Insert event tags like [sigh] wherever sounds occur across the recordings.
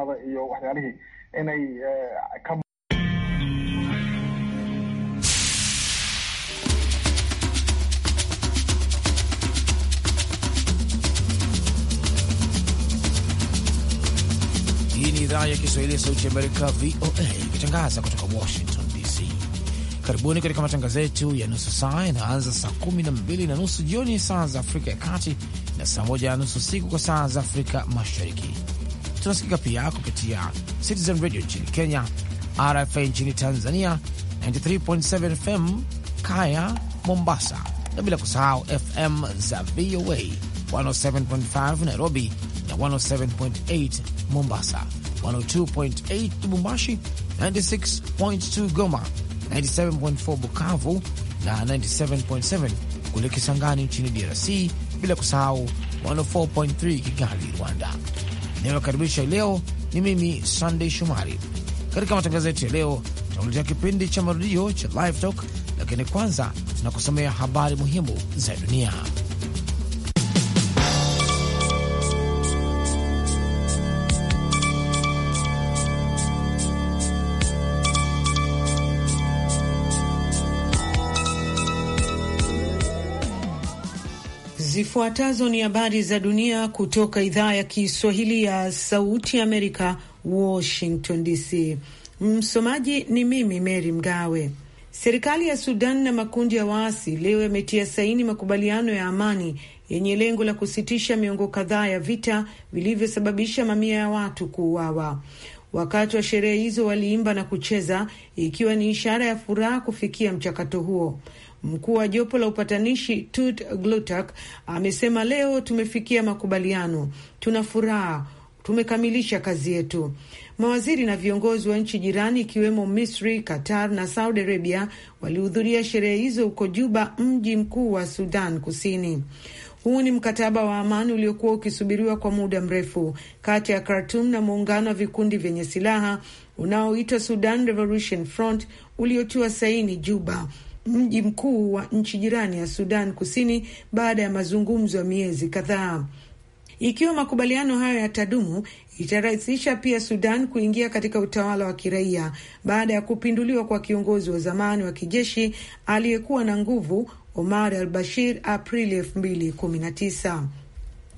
iyo waxyaalihii inay eh, ka Hii ni idhaa ya Kiswahili ya Sauti ya Amerika, VOA, ikitangaza kutoka Washington DC. Karibuni katika matangazo yetu ya nusu saa inaanza saa kumi na mbili na nusu jioni saa za Afrika ya Kati na saa moja na nusu usiku kwa saa za Afrika Mashariki Tunasikika pia kupitia Citizen Radio nchini Kenya, RFA nchini Tanzania 93.7 FM Kaya Mombasa, na bila kusahau FM za VOA 107.5 Nairobi na 107.8 Mombasa, 102.8 Lubumbashi, 96.2 Goma, 97.4 Bukavu na 97.7 kule Kisangani nchini DRC, bila kusahau 104.3 Kigali, Rwanda inayokaribisha leo. Ni mimi Sandey Shomari. Katika matangazo yetu ya leo, tunakuletea kipindi cha marudio cha Live Talk, lakini kwanza tunakusomea habari muhimu za dunia. Zifuatazo ni habari za dunia kutoka idhaa ya Kiswahili ya Sauti Amerika, Washington DC. Msomaji ni mimi Mary Mgawe. Serikali ya Sudan na makundi ya waasi leo yametia saini makubaliano ya amani yenye lengo la kusitisha miongo kadhaa ya vita vilivyosababisha mamia ya watu kuuawa. Wakati wa sherehe hizo waliimba na kucheza, ikiwa ni ishara ya furaha kufikia mchakato huo. Mkuu wa jopo la upatanishi Tut Glutak amesema leo tumefikia makubaliano, tuna furaha tumekamilisha kazi yetu. Mawaziri na viongozi wa nchi jirani ikiwemo Misri, Qatar na Saudi Arabia walihudhuria sherehe hizo huko Juba, mji mkuu wa Sudan Kusini. Huu ni mkataba wa amani uliokuwa ukisubiriwa kwa muda mrefu kati ya khartum na muungano wa vikundi vyenye silaha unaoitwa Sudan Revolution Front uliotiwa saini Juba mji mkuu wa nchi jirani ya Sudan Kusini baada ya mazungumzo ya miezi kadhaa. Ikiwa makubaliano hayo yatadumu, itarahisisha pia Sudan kuingia katika utawala wa kiraia baada ya kupinduliwa kwa kiongozi wa zamani wa kijeshi aliyekuwa na nguvu Omar al Bashir Aprili elfu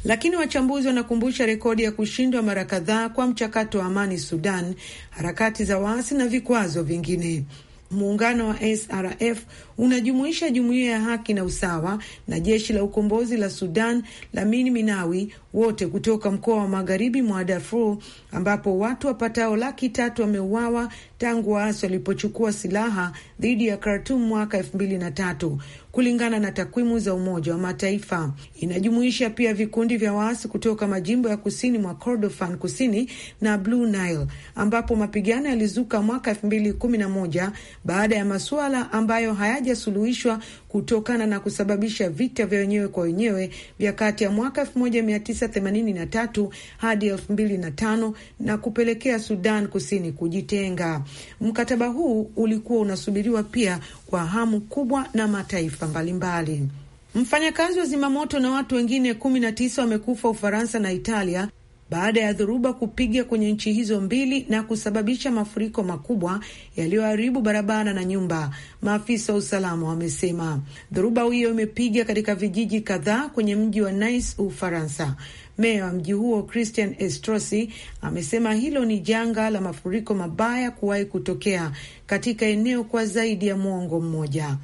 Lakini wachambuzi wanakumbusha rekodi ya kushindwa mara kadhaa kwa mchakato wa amani Sudan, harakati za waasi na vikwazo vingine. Muungano wa SRF unajumuisha jumuiya ya haki na usawa na jeshi la ukombozi la Sudan la Min Minawi, wote kutoka mkoa wa magharibi mwa Darfur, ambapo watu wapatao laki tatu wameuawa tangu waasi walipochukua silaha dhidi ya Khartum mwaka elfu mbili na tatu kulingana na takwimu za Umoja wa Mataifa. Inajumuisha pia vikundi vya waasi kutoka majimbo ya kusini mwa Kordofan kusini na Blue Nile, ambapo mapigano yalizuka mwaka elfu mbili kumi na moja baada ya masuala ambayo hayajasuluhishwa kutokana na kusababisha vita vya wenyewe kwa wenyewe vya kati ya mwaka 1983 hadi 2005 na kupelekea Sudan Kusini kujitenga. Mkataba huu ulikuwa unasubiriwa pia kwa hamu kubwa na mataifa mbalimbali. Mfanyakazi wa zimamoto na watu wengine kumi na tisa wamekufa Ufaransa na Italia baada ya dhoruba kupiga kwenye nchi hizo mbili na kusababisha mafuriko makubwa yaliyoharibu barabara na nyumba. Maafisa wa usalama wamesema dhoruba hiyo imepiga katika vijiji kadhaa kwenye mji wa Nice, Ufaransa. Meya wa mji huo Christian Estrosi amesema hilo ni janga la mafuriko mabaya kuwahi kutokea katika eneo kwa zaidi ya mwongo mmoja.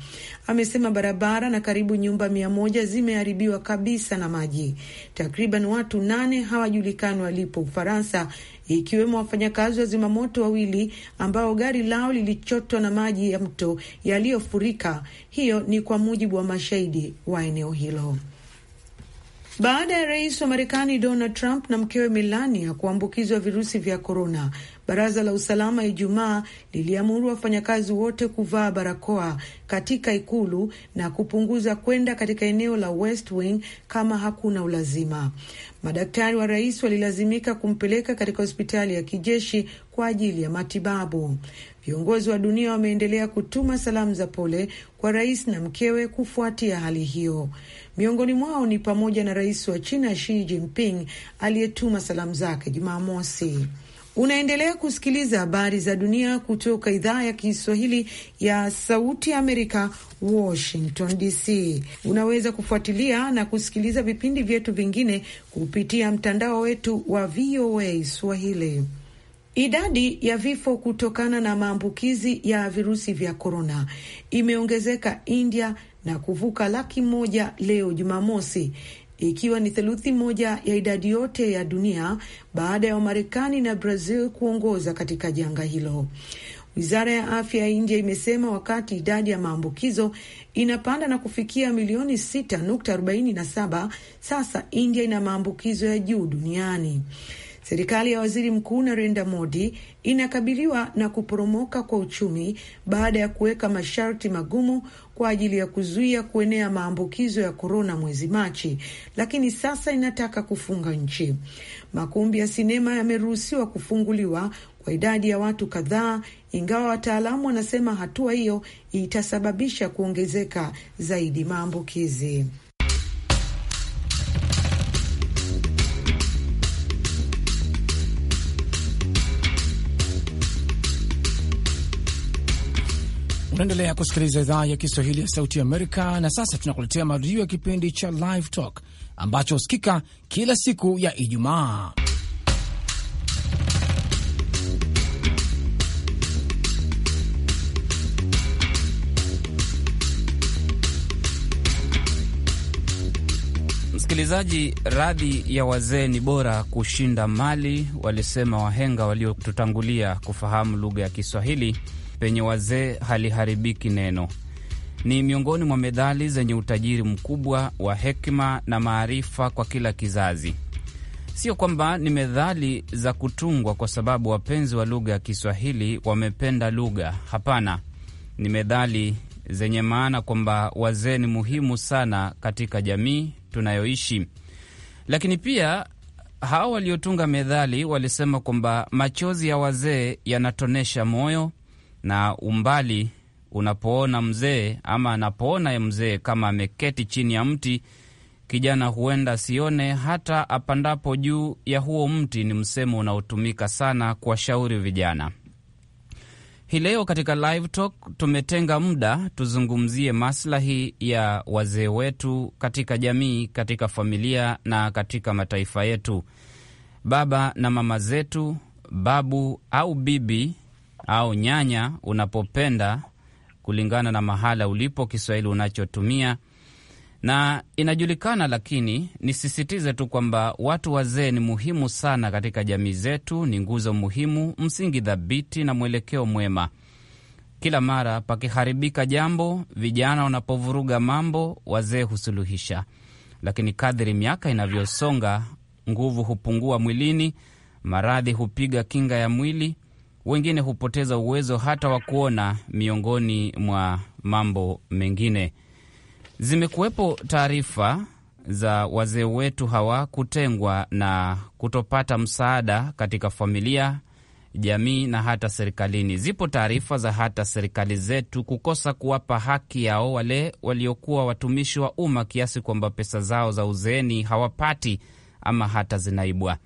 Amesema barabara na karibu nyumba mia moja zimeharibiwa kabisa na maji. Takriban watu nane hawajulikani walipo Ufaransa, ikiwemo wafanyakazi wa zimamoto wawili ambao gari lao lilichotwa na maji ya mto yaliyofurika. Hiyo ni kwa mujibu wa mashahidi wa eneo hilo baada ya rais wa Marekani Donald Trump na mkewe Melania kuambukizwa virusi vya korona. Baraza la usalama Ijumaa liliamuru wafanyakazi wote kuvaa barakoa katika ikulu na kupunguza kwenda katika eneo la West Wing kama hakuna ulazima. Madaktari wa rais walilazimika kumpeleka katika hospitali ya kijeshi kwa ajili ya matibabu. Viongozi wa dunia wameendelea kutuma salamu za pole kwa rais na mkewe kufuatia hali hiyo. Miongoni mwao ni pamoja na rais wa China Xi Jinping aliyetuma salamu zake Jumamosi. Unaendelea kusikiliza habari za dunia kutoka idhaa ya Kiswahili ya Sauti Amerika, Washington DC. Unaweza kufuatilia na kusikiliza vipindi vyetu vingine kupitia mtandao wetu wa VOA Swahili. Idadi ya vifo kutokana na maambukizi ya virusi vya korona imeongezeka India na kuvuka laki moja leo Jumamosi, ikiwa ni theluthi moja ya idadi yote ya dunia baada ya Wamarekani na Brazil kuongoza katika janga hilo. Wizara ya afya ya India imesema wakati idadi ya maambukizo inapanda na kufikia milioni 6.47 sasa India ina maambukizo ya juu duniani. Serikali ya waziri mkuu Narendra Modi inakabiliwa na kuporomoka kwa uchumi baada ya kuweka masharti magumu kwa ajili ya kuzuia kuenea maambukizo ya korona mwezi Machi, lakini sasa inataka kufunga nchi. Makumbi ya sinema yameruhusiwa kufunguliwa kwa idadi ya watu kadhaa, ingawa wataalamu wanasema hatua hiyo itasababisha kuongezeka zaidi maambukizi. Unaendelea kusikiliza idhaa ya Kiswahili ya Sauti ya Amerika, na sasa tunakuletea marudio ya kipindi cha Live Talk ambacho husikika kila siku ya Ijumaa. Msikilizaji, radhi ya wazee ni bora kushinda mali, walisema wahenga waliotutangulia kufahamu lugha ya Kiswahili penye wazee haliharibiki neno. Ni miongoni mwa medhali zenye utajiri mkubwa wa hekima na maarifa kwa kila kizazi. Sio kwamba ni medhali za kutungwa kwa sababu wapenzi wa lugha ya Kiswahili wamependa lugha. Hapana, ni medhali zenye maana kwamba wazee ni muhimu sana katika jamii tunayoishi. Lakini pia hawa waliotunga medhali walisema kwamba machozi ya wazee yanatonesha moyo, na umbali unapoona mzee ama anapoona mzee kama ameketi chini ya mti, kijana huenda sione hata apandapo juu ya huo mti. Ni msemo unaotumika sana kuwashauri vijana. Hii leo katika Live Talk tumetenga muda tuzungumzie maslahi ya wazee wetu katika jamii, katika familia na katika mataifa yetu. Baba na mama zetu, babu au bibi au nyanya unapopenda, kulingana na mahala ulipo, Kiswahili unachotumia na inajulikana. Lakini nisisitize tu kwamba watu wazee ni muhimu sana katika jamii zetu, ni nguzo muhimu, msingi thabiti na mwelekeo mwema. Kila mara pakiharibika jambo, vijana wanapovuruga mambo, wazee husuluhisha. Lakini kadhiri miaka inavyosonga, nguvu hupungua mwilini, maradhi hupiga kinga ya mwili, wengine hupoteza uwezo hata wa kuona, miongoni mwa mambo mengine. Zimekuwepo taarifa za wazee wetu hawa kutengwa na kutopata msaada katika familia, jamii na hata serikalini. Zipo taarifa za hata serikali zetu kukosa kuwapa haki yao wale waliokuwa watumishi wa umma, kiasi kwamba pesa zao za uzeeni hawapati ama hata zinaibwa.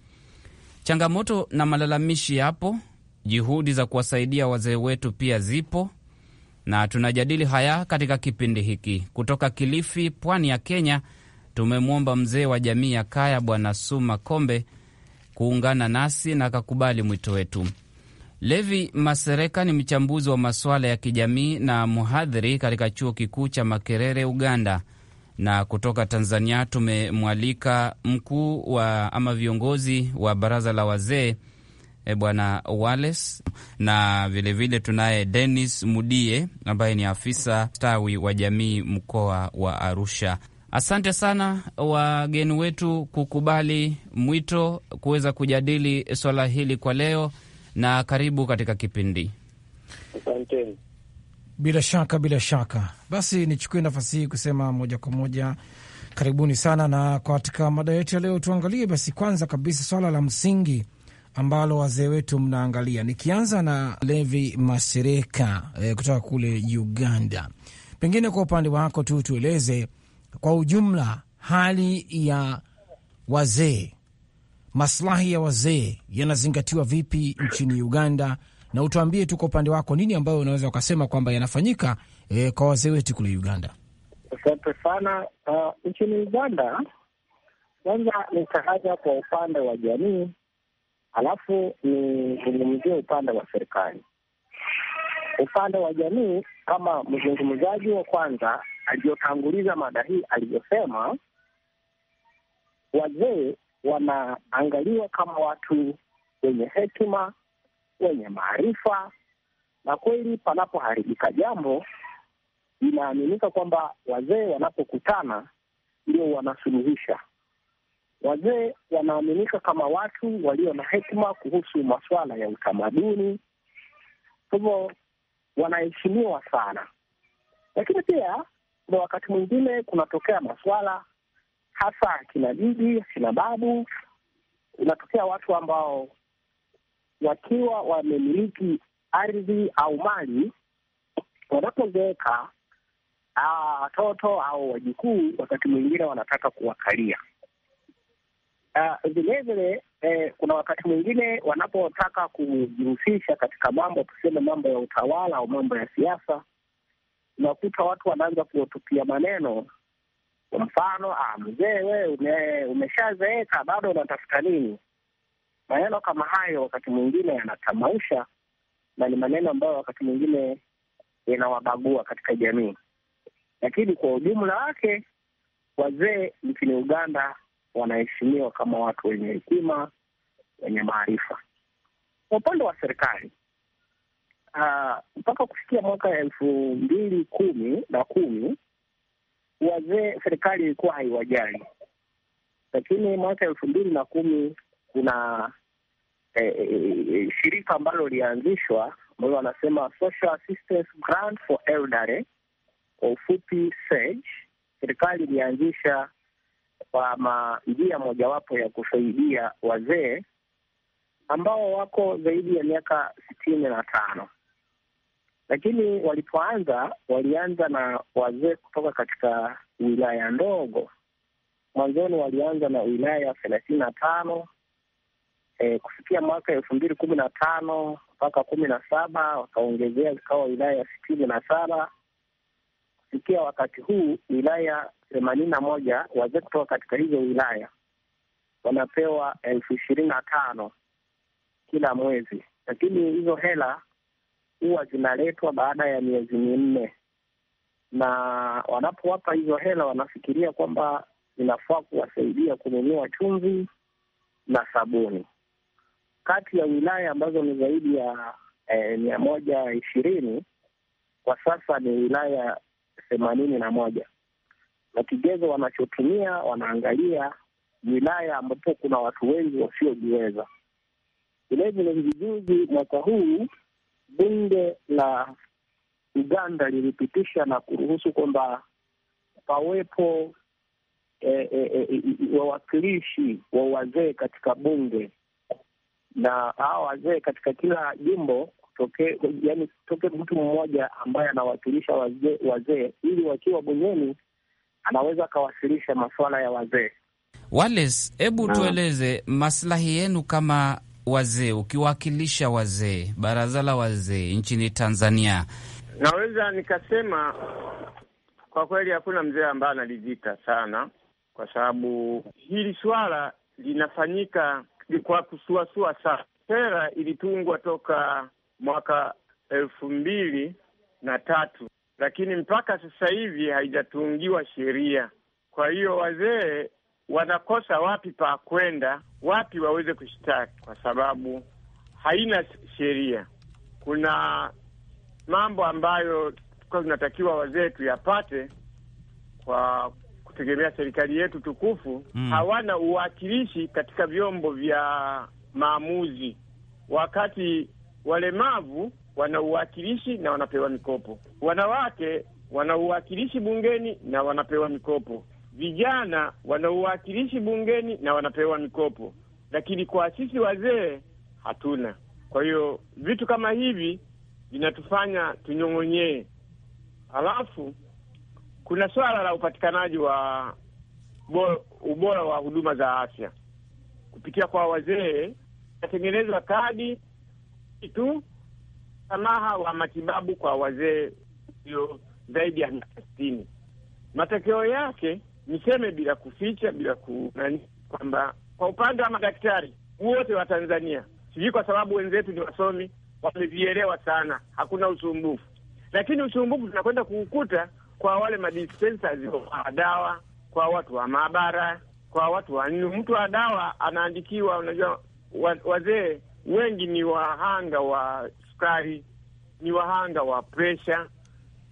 Changamoto na malalamishi yapo Juhudi za kuwasaidia wazee wetu pia zipo na tunajadili haya katika kipindi hiki. Kutoka Kilifi, pwani ya Kenya, tumemwomba mzee wa jamii ya Kaya Bwana Suma Kombe kuungana nasi na akakubali mwito wetu. Levi Masereka ni mchambuzi wa masuala ya kijamii na mhadhiri katika chuo kikuu cha Makerere, Uganda. Na kutoka Tanzania tumemwalika mkuu wa ama viongozi wa baraza la wazee E, bwana Wales, na vilevile tunaye denis Mudie ambaye ni afisa stawi wa jamii mkoa wa Arusha. Asante sana wageni wetu kukubali mwito kuweza kujadili swala hili kwa leo, na karibu katika kipindi. Asante. Bila shaka, bila shaka. Basi nichukue nafasi hii kusema moja kwa moja karibuni sana, na katika mada yetu ya leo tuangalie basi kwanza kabisa swala la msingi ambalo wazee wetu mnaangalia. Nikianza na Levi Masereka eh, kutoka kule Uganda, pengine kwa upande wako tu tueleze kwa ujumla hali ya wazee, maslahi ya wazee yanazingatiwa vipi nchini Uganda, na utuambie tu kwa upande wako nini ambayo unaweza ukasema kwamba yanafanyika eh, kwa wazee wetu kule Uganda. Asante sana. Uh, nchini Uganda kwanza nitahaja kwa upande wa jamii Alafu nizungumzie upande wa serikali. Upande wa jamii, kama mzungumzaji wa kwanza aliyotanguliza mada hii alivyosema, wazee wanaangaliwa kama watu wenye hekima, wenye maarifa, na kweli panapoharibika jambo, inaaminika kwamba wazee wanapokutana ndio wanasuluhisha Wazee wanaaminika kama watu walio na hekima kuhusu masuala ya utamaduni, hivyo wanaheshimiwa sana. Lakini pia kuna wakati mwingine kunatokea masuala hasa akina bibi, akina babu, inatokea watu ambao wakiwa wamemiliki ardhi au mali, wanapozeeka ah, watoto au wajukuu wakati mwingine wanataka kuwakalia Vilevile ah, uh, eh, kuna wakati mwingine wanapotaka kujihusisha katika mambo tuseme, mambo ya utawala au mambo ya siasa, unakuta watu wanaanza kuwatupia maneno. Kwa mfano, ah, mzee we ume, umeshazeeka bado unatafuta nini? Maneno kama hayo wakati mwingine yanatamausha na ni maneno ambayo wakati mwingine yanawabagua katika jamii, lakini kwa ujumla wake wazee nchini Uganda wanaheshimiwa kama watu wenye hekima, wenye maarifa. Kwa upande wa serikali ah, mpaka uh, kufikia mwaka elfu mbili kumi na kumi wazee serikali ilikuwa haiwajali, lakini mwaka elfu mbili na kumi kuna eh, eh, shirika ambalo lilianzishwa ambalo wanasema Social Assistance Grant for Elderly, kwa ufupi SAGE. Serikali ilianzisha kama njia mojawapo ya kusaidia wazee ambao wako zaidi ya miaka sitini na tano. Lakini walipoanza walianza na wazee kutoka katika wilaya ndogo. Mwanzoni walianza na wilaya thelathini na tano. E, kufikia mwaka elfu mbili kumi na tano mpaka kumi na saba wakaongezea zikawa wilaya sitini na saba kufikia wakati huu wilaya themanini na moja wazee kutoka katika hizo wilaya wanapewa elfu ishirini na tano kila mwezi, lakini hizo hela huwa zinaletwa baada ya miezi minne, na wanapowapa hizo hela wanafikiria kwamba zinafaa kuwasaidia kununua chumvi na sabuni. Kati ya wilaya ambazo ni zaidi ya eh, mia moja ishirini kwa sasa ni wilaya themanini na moja na kigezo wanachotumia wanaangalia wilaya ambapo kuna watu wengi wasiojiweza. Vilevile hivi juzi, mwaka huu bunge la Uganda lilipitisha na kuruhusu kwamba pawepo e, e, e, e wawakilishi wa wazee katika bunge, na hawa wazee katika kila jimbo toke, yani toke mtu mmoja ambaye anawakilisha wazee ili wakiwa bungeni anaweza akawasilisha masuala ya wazee. Wales, hebu tueleze maslahi yenu kama wazee, ukiwakilisha wazee, baraza la wazee nchini Tanzania. Naweza nikasema kwa kweli hakuna mzee ambaye analivika sana, kwa sababu hili swala linafanyika kwa kusuasua sana. Sera ilitungwa toka mwaka elfu mbili na tatu, lakini mpaka sasa hivi haijatungiwa sheria. Kwa hiyo wazee wanakosa wapi pa kwenda, wapi waweze kushtaki, kwa sababu haina sheria. Kuna mambo ambayo tunatakiwa wazee tuyapate kwa kutegemea serikali yetu tukufu. Mm, hawana uwakilishi katika vyombo vya maamuzi, wakati walemavu wana uwakilishi na wanapewa mikopo, wanawake wana uwakilishi bungeni na wanapewa mikopo, vijana wana uwakilishi bungeni na wanapewa mikopo, lakini kwa sisi wazee hatuna. Kwa hiyo vitu kama hivi vinatufanya tunyong'onyee. Halafu kuna swala la upatikanaji wa ubora wa huduma za afya kupitia kwa wazee, inatengenezwa kadi si tu msamaha wa matibabu kwa wazee walio zaidi ya miaka sitini. Matokeo yake niseme bila kuficha, bila kunani, kwamba kwa upande wa madaktari wote wa Tanzania, sijui kwa sababu wenzetu ni wasomi, wamevielewa sana, hakuna usumbufu, lakini usumbufu tunakwenda kuukuta kwa wale madispensers wa dawa, kwa watu wa maabara, kwa watu wa Mtu wa dawa anaandikiwa, unajua wazee wengi ni wahanga wa sukari, ni wahanga wa presha,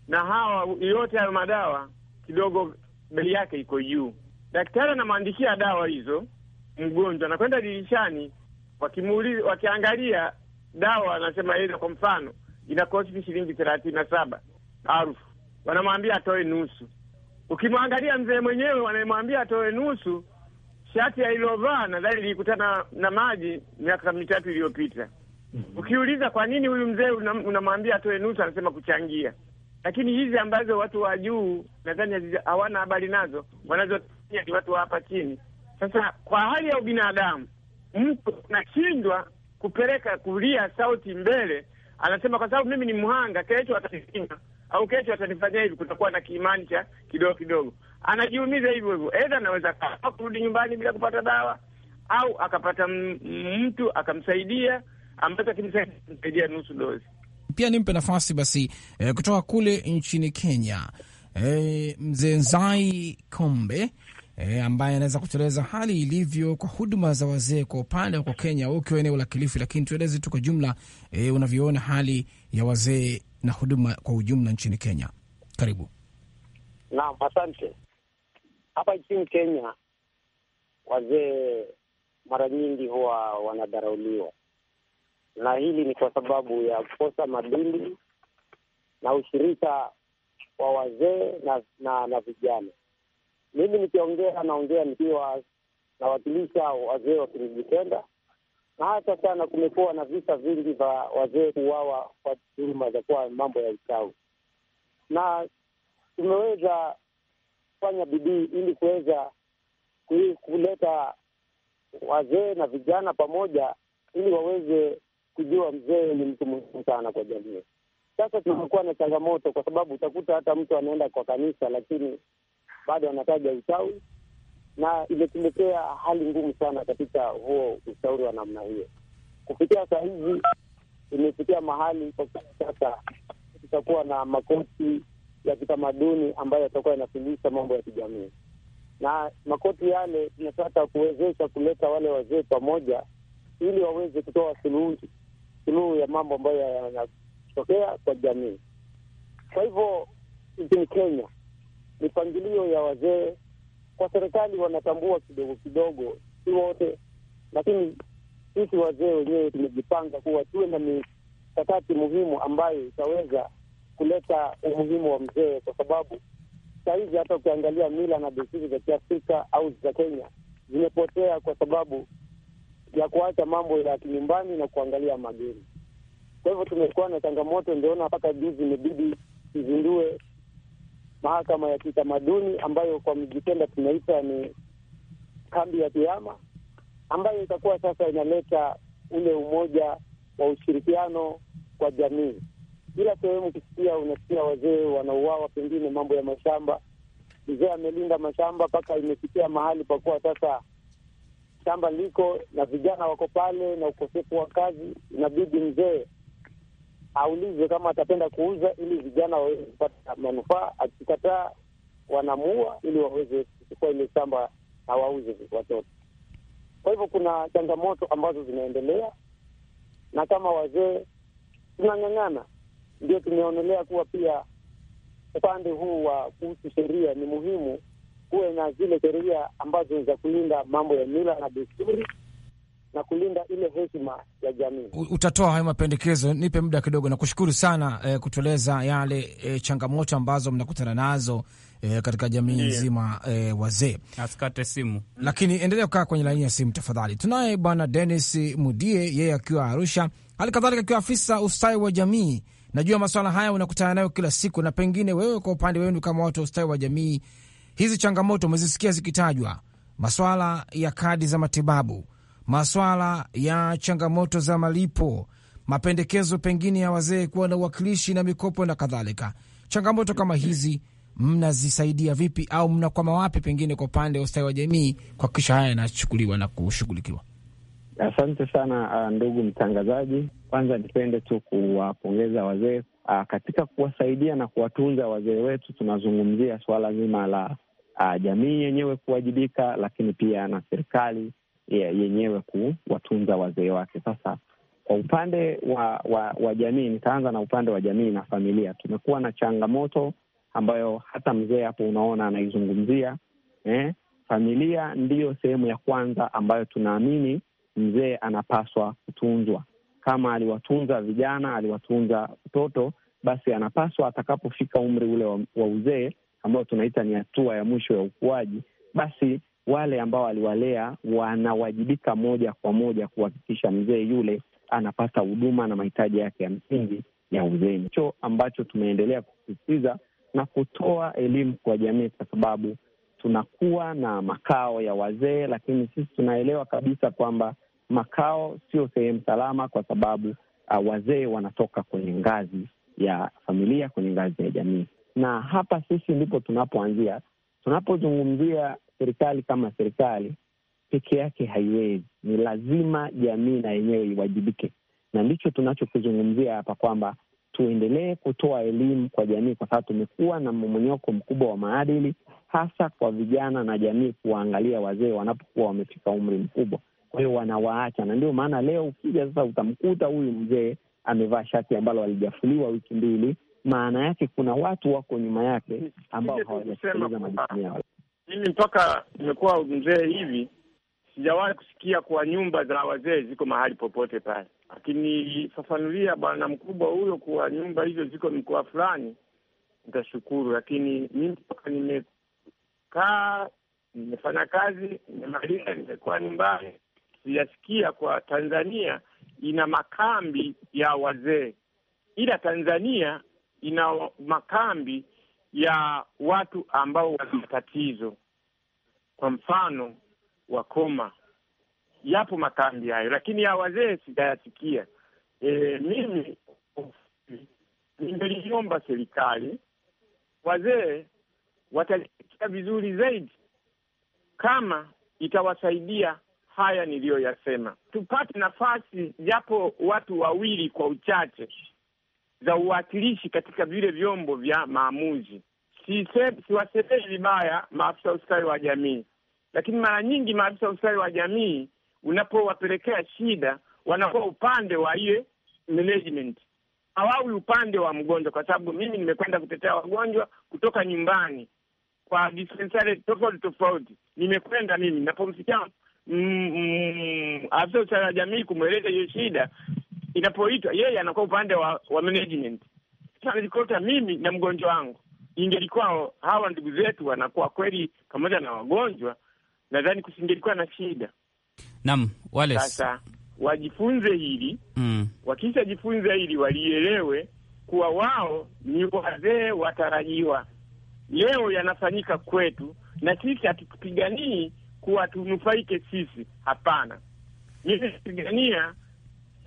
na hawa yote hayo madawa kidogo bei yake iko juu. Daktari anamwandikia dawa hizo mgonjwa, anakwenda dirishani, wakimuuliza, wakiangalia dawa anasema ile, kwa mfano kosti shilingi thelathini na saba arufu, wanamwambia atoe nusu. Ukimwangalia mzee mwenyewe wanamwambia atoe nusu shati alilovaa nadhani lilikutana na maji miaka mitatu iliyopita. Mhm. Ukiuliza kwa nini huyu mzee unamwambia atoe nusu, anasema kuchangia. Lakini hizi ambazo watu wa juu nadhani hawana habari nazo, wanazofanya ni watu wa hapa chini. Sasa kwa hali ya ubinadamu, mtu anashindwa kupeleka kulia sauti mbele, anasema kwa sababu mimi ni mhanga, kesho atanifinya au kesho watanifanya hivi, kutakuwa na kiimani cha kidogo kidogo anajiumiza hivyo hivyo. Aidha anaweza kaa kurudi nyumbani bila kupata dawa, au akapata mtu akamsaidia, ambaye akimsaidia nusu dozi. Pia nimpe nafasi basi eh, kutoka kule nchini Kenya eh, mzee Nzai Kombe eh, ambaye anaweza kutueleza hali ilivyo kwa huduma za wazee kwa upande wa Kenya, ukiwa eneo la Kilifi, lakini tueleze tu kwa jumla eh, unavyoona hali ya wazee na huduma kwa ujumla nchini Kenya. Karibu. Naam, asante. Hapa nchini Kenya wazee mara nyingi huwa wanadharauliwa, na hili ni kwa sababu ya kukosa maadili na ushirika wa wazee na, na, na vijana. Mimi nikiongea naongea nikiwa nawakilisha wazee wa na hata sana kumekuwa na visa vingi vya wazee kuuawa kwa tuhuma za kuwa mambo ya uchawi, na tumeweza kufanya bidii ili kuweza kuleta wazee na vijana pamoja, ili waweze kujua mzee ni mtu muhimu sana kwa jamii. Sasa tunakuwa na changamoto, kwa sababu utakuta hata mtu anaenda kwa kanisa, lakini bado anataja uchawi, na imetuletea hali ngumu sana katika huo ushauri wa namna hiyo. Kufikia saa hizi imefikia mahali kwa sasa, tutakuwa na makoti ya kitamaduni ambayo yatakuwa yanafundisha mambo ya kijamii, na makoti yale tunataka kuwezesha kuleta wale wazee pamoja, ili waweze kutoa suluhu suluhu ya mambo ambayo yanatokea kwa jamii. Kwa hivyo nchini Kenya mipangilio ya wazee kwa serikali wanatambua kidogo kidogo, si wote, lakini sisi wazee wenyewe tumejipanga kuwa tuwe na mikakati muhimu ambayo itaweza kuleta umuhimu wa mzee, kwa sababu hizi hata ukiangalia mila na desturi za Kiafrika au za Kenya zimepotea kwa sababu ya kuacha mambo ya kinyumbani na kuangalia mageni. Kwa hivyo tumekuwa na changamoto, ndiona mpaka juzi imebidi tuzindue mahakama ya kitamaduni ambayo kwa mjitenda tunaita ni kambi ya kiama, ambayo itakuwa sasa inaleta ule umoja wa ushirikiano kwa jamii kila sehemu kusikia, unasikia wazee wanauawa, pengine mambo ya mashamba. Mzee amelinda mashamba mpaka imefikia mahali pakuwa sasa shamba liko na vijana wako pale na ukosefu wa kazi, inabidi mzee aulize kama atapenda kuuza ili vijana waweze kupata manufaa. Akikataa wanamuua ili waweze kuchukua ile shamba na wauze watoto. Kwa hivyo kuna changamoto ambazo zinaendelea, na kama wazee tunang'ang'ana ndio tumeonelea kuwa pia upande huu wa kuhusu sheria ni muhimu kuwe na zile sheria ambazo za kulinda mambo ya mila na desturi na kulinda ile heshima ya jamii. Utatoa hayo mapendekezo, nipe muda kidogo. Nakushukuru sana eh, kutueleza yale eh, changamoto ambazo mnakutana nazo eh, katika jamii yeah, nzima eh, wazee asikate simu, lakini endelea kukaa kwenye laini ya simu tafadhali. Tunaye bwana Denis Mudie, yeye akiwa Arusha, hali kadhalika akiwa afisa ustawi wa jamii Najua maswala haya unakutana nayo kila siku, na pengine wewe kwa upande wenu kama watu wa ustawi wa jamii, hizi changamoto umezisikia zikitajwa, maswala ya kadi za matibabu, maswala ya changamoto za malipo, mapendekezo pengine ya wazee kuwa na uwakilishi na mikopo na kadhalika. Changamoto kama hizi mnazisaidia vipi, au mnakwama wapi pengine kwa upande wa ustawi wa jamii kuhakikisha haya yanachukuliwa na kushughulikiwa? Asante sana ndugu mtangazaji. Kwanza nipende tu kuwapongeza wazee ah, katika kuwasaidia na kuwatunza wazee wetu. Tunazungumzia suala zima la uh, jamii yenyewe kuwajibika, lakini pia na serikali yenyewe kuwatunza wazee wake. Sasa kwa upande wa, wa, wa jamii, nitaanza na upande wa jamii na familia. Tumekuwa na changamoto ambayo hata mzee hapo unaona anaizungumzia eh? Familia ndiyo sehemu ya kwanza ambayo tunaamini mzee anapaswa kutunzwa kama aliwatunza vijana, aliwatunza mtoto basi anapaswa atakapofika umri ule wa, wa uzee ambao tunaita ni hatua ya mwisho ya ukuaji, basi wale ambao aliwalea wanawajibika moja kwa moja kuhakikisha mzee yule anapata huduma na mahitaji yake ya msingi ya uzeeni. Hicho ambacho tumeendelea kusisitiza na kutoa elimu kwa jamii, kwa sababu tunakuwa na makao ya wazee, lakini sisi tunaelewa kabisa kwamba makao sio sehemu salama, kwa sababu uh, wazee wanatoka kwenye ngazi ya familia, kwenye ngazi ya jamii, na hapa sisi ndipo tunapoanzia. Tunapozungumzia serikali kama serikali peke yake haiwezi, ni lazima jamii na yenyewe iwajibike, na ndicho tunachokizungumzia hapa kwamba tuendelee kutoa elimu kwa jamii, kwa sababu tumekuwa na mmonyoko mkubwa wa maadili, hasa kwa vijana na jamii kuwaangalia wazee wanapokuwa wamefika umri mkubwa. Kwa hiyo wanawaacha, na ndio maana leo ukija sasa utamkuta huyu mzee amevaa shati ambalo alijafuliwa wiki mbili. Maana yake kuna watu wako nyuma yake ambao hawajatekeleza majukumu yao. Mimi mpaka nimekuwa mzee hivi sijawahi kusikia kuwa nyumba za wazee ziko mahali popote pale, akinifafanulia bwana mkubwa huyo kuwa nyumba hizo ziko mkoa fulani, nitashukuru. Lakini mimi mpaka nimekaa, nimefanya kazi, nimemaliza, nimekuwa nyumbani, sijasikia kwa Tanzania ina makambi ya wazee, ila Tanzania ina makambi ya watu ambao wana matatizo. Kwa mfano wakoma, yapo makambi hayo, lakini ya wazee sijayasikia. E, mimi nimeliomba serikali wazee watasikia vizuri zaidi kama itawasaidia haya niliyoyasema, tupate nafasi japo watu wawili kwa uchache za uwakilishi katika vile vyombo vya maamuzi. Siwasemei vibaya maafisa ustawi wa jamii, lakini mara nyingi maafisa ustawi wa jamii unapowapelekea shida, wanakuwa upande wa ile management, hawawi upande wa mgonjwa, kwa sababu mimi nimekwenda kutetea wagonjwa kutoka nyumbani kwa dispensari tofauti tofauti, nimekwenda mimi, napomsikia Mm, mm. afisa usalama wa jamii kumweleza hiyo shida, inapoitwa yeye anakuwa upande wa, wa management. Najikuta mimi na mgonjwa wangu, ingelikuwa hawa ndugu zetu wanakuwa kweli pamoja na wagonjwa, nadhani kusingelikuwa na shida. Naam, wale sasa wajifunze hili mm. Wakishajifunza hili walielewe kuwa wao ni wazee watarajiwa. Leo yanafanyika kwetu, na sisi hatukupiganii kuwa tunufaike sisi. Hapana, mimi napigania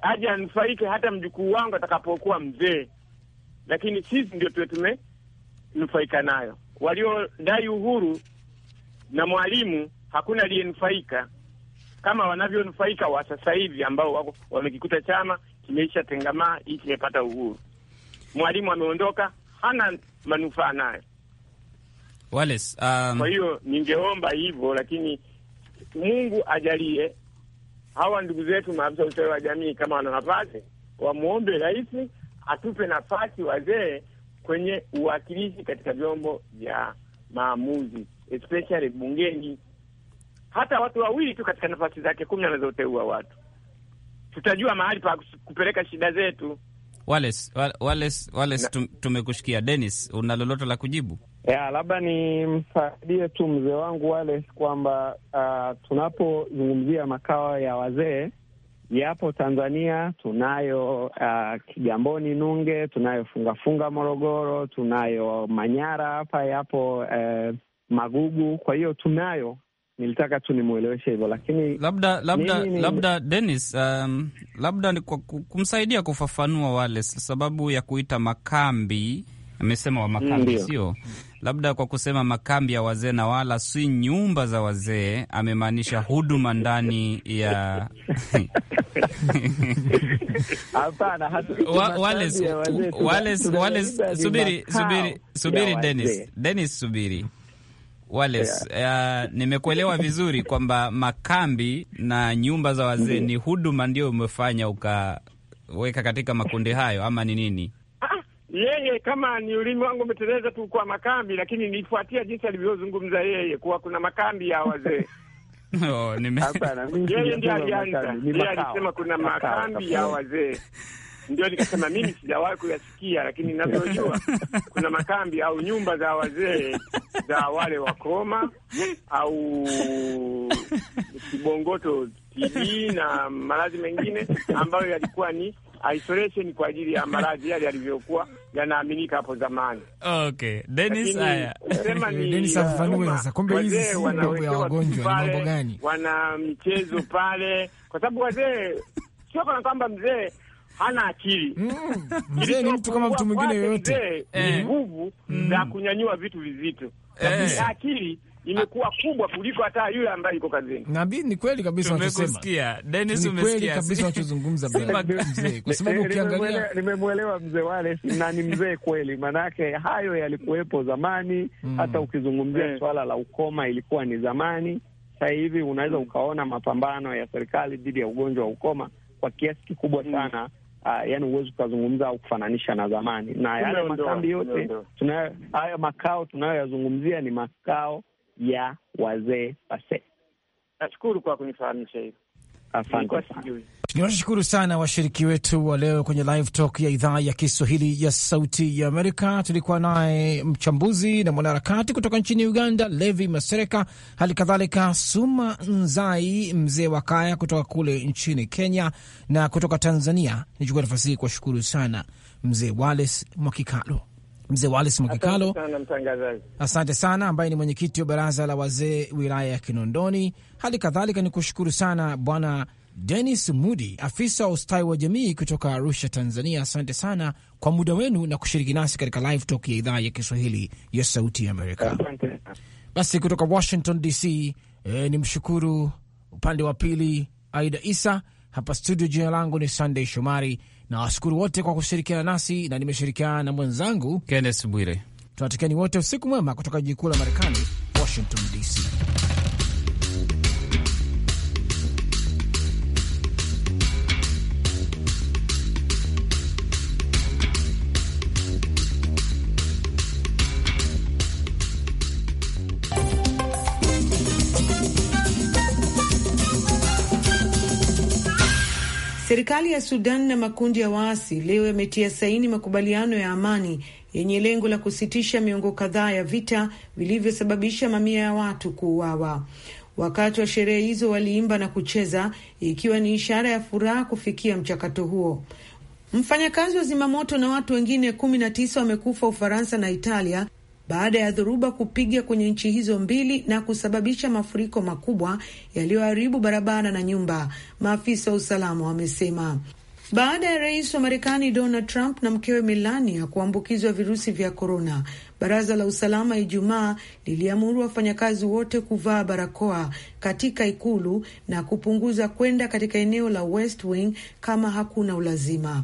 aje anufaike hata mjukuu wangu atakapokuwa mzee, lakini sisi ndio tuwe tumenufaika nayo. Waliodai uhuru na Mwalimu hakuna aliyenufaika kama wanavyonufaika wa sasa hivi ambao wako wamekikuta chama kimeisha tengamaa, hii kimepata uhuru. Mwalimu ameondoka, hana manufaa nayo. Wallace, um... kwa hiyo ningeomba hivyo, lakini Mungu ajalie hawa ndugu zetu maafisa ustawi wa jamii, kama wana nafasi wamwombe rais atupe nafasi wazee kwenye uwakilishi katika vyombo vya maamuzi especially bungeni. Hata watu wawili tu katika nafasi zake kumi anazoteua watu, tutajua mahali pa kupeleka shida zetu. Wallace, Wallace, Wallace, tumekushikia. Dennis, una lolote la kujibu? Ya, labda nimsaidie tu mzee wangu wale kwamba uh, tunapozungumzia makao ya wazee yapo Tanzania. Tunayo uh, Kigamboni Nunge, tunayo Fungafunga Morogoro, tunayo Manyara hapa yapo uh, Magugu. Kwa hiyo tunayo, nilitaka tu nimweleweshe hivyo, lakini labda labda nini, labda Dennis, um, labda ni kwa kumsaidia kufafanua wale sababu ya kuita makambi amesema wa makambi sio labda kwa kusema makambi ya wazee na wala si nyumba za wazee, amemaanisha huduma ndani ya [laughs] Hapana, wale wale wale, subiri subiri subiri, Dennis Dennis, subiri yeah. Uh, nimekuelewa vizuri kwamba makambi na nyumba za wazee ni huduma ndio umefanya ukaweka katika makundi hayo ama ni nini? yeye kama ni ulimi wangu umeteleza tu kwa makambi, lakini nifuatia jinsi alivyozungumza yeye kuwa kuna makambi ya wazee no, [laughs] oh, nime... yeye ndio alianza, yeye alisema kuna makambi ya wazee ndio nikasema mimi sijawahi kuyasikia, lakini ninavyojua [laughs] kuna makambi au nyumba za wazee za wale wakoma au kibongoto TB na maradhi mengine ambayo yalikuwa ni isolation kwa ajili ya maradhi yale yalivyokuwa yanaaminika hapo zamani. Okay, Dennis, haya sema ni Dennis, uh, afanue sasa, kumbe hizi si mambo ya wagonjwa, ni mambo gani? Wana mchezo [laughs] pale, kwa sababu wazee sio kana kwamba mzee hana akili. mm. [laughs] Mzee ni mtu kama mtu mwingine yoyote, eh. nguvu za mm. kunyanyua vitu vizito, eh. akili imekuwa kubwa kuliko hata yule ambaye yuko kazini. Nabii, ni kweli kabisa wanachosema. Dennis, umesikia? Ni kweli kabisa wanachozungumza mzee, kwa sababu ukiangalia, nimemwelewa mzee wale na ni mzee kweli, maanake hayo yalikuwepo zamani. Mm. Hata ukizungumzia eh. swala la ukoma ilikuwa ni zamani. Sasa hivi unaweza mm. ukaona mapambano ya serikali dhidi ya ugonjwa wa ukoma kwa kiasi kikubwa mm. sana. Uh, yani huwezi ukazungumza au kufananisha na zamani, na yale makambi yote tunayo, haya makao tunayoyazungumzia ni makao ya wazee wazee. Nashukuru kwa kunifahamisha hivyo. sana. Niwashukuru sana washiriki wetu wa leo kwenye Live Talk ya idhaa ya Kiswahili ya Sauti ya Amerika. Tulikuwa naye mchambuzi na mwanaharakati kutoka nchini Uganda, Levi Masereka, hali kadhalika Suma Nzai, mzee wa kaya kutoka kule nchini Kenya, na kutoka Tanzania nichukua nafasi hii kuwashukuru sana mzee Wales Mwakikalo. Mzee Wallace Mwakikalo, asante sana, ambaye ni mwenyekiti wa baraza la wazee wilaya ya Kinondoni. Hali kadhalika ni kushukuru sana bwana Denis Mudi, afisa wa ustawi wa jamii kutoka Arusha, Tanzania. Asante sana kwa muda wenu na kushiriki nasi katika live talk ya idhaa ya Kiswahili ya Sauti ya Amerika. Basi kutoka Washington DC, e, eh, ni mshukuru upande wa pili Aida Isa hapa studio. Jina langu ni sandey Shomari na washukuru wote kwa kushirikiana nasi, na nimeshirikiana na mwenzangu Kennes Bwire. Tunawatakieni wote usiku mwema kutoka jiji kuu la Marekani, Washington DC. Serikali ya Sudan na makundi ya waasi leo yametia saini makubaliano ya amani yenye lengo la kusitisha miongo kadhaa ya vita vilivyosababisha mamia ya watu kuuawa. Wakati wa sherehe hizo waliimba na kucheza, ikiwa ni ishara ya furaha kufikia mchakato huo. Mfanyakazi wa zimamoto na watu wengine kumi na tisa wamekufa Ufaransa na Italia baada ya dhoruba kupiga kwenye nchi hizo mbili na kusababisha mafuriko makubwa yaliyoharibu barabara na nyumba, maafisa wa usalama wamesema. Baada ya rais wa Marekani Donald Trump na mkewe Melania kuambukizwa virusi vya korona, baraza la usalama Ijumaa liliamuru wafanyakazi wote kuvaa barakoa katika ikulu na kupunguza kwenda katika eneo la West Wing kama hakuna ulazima.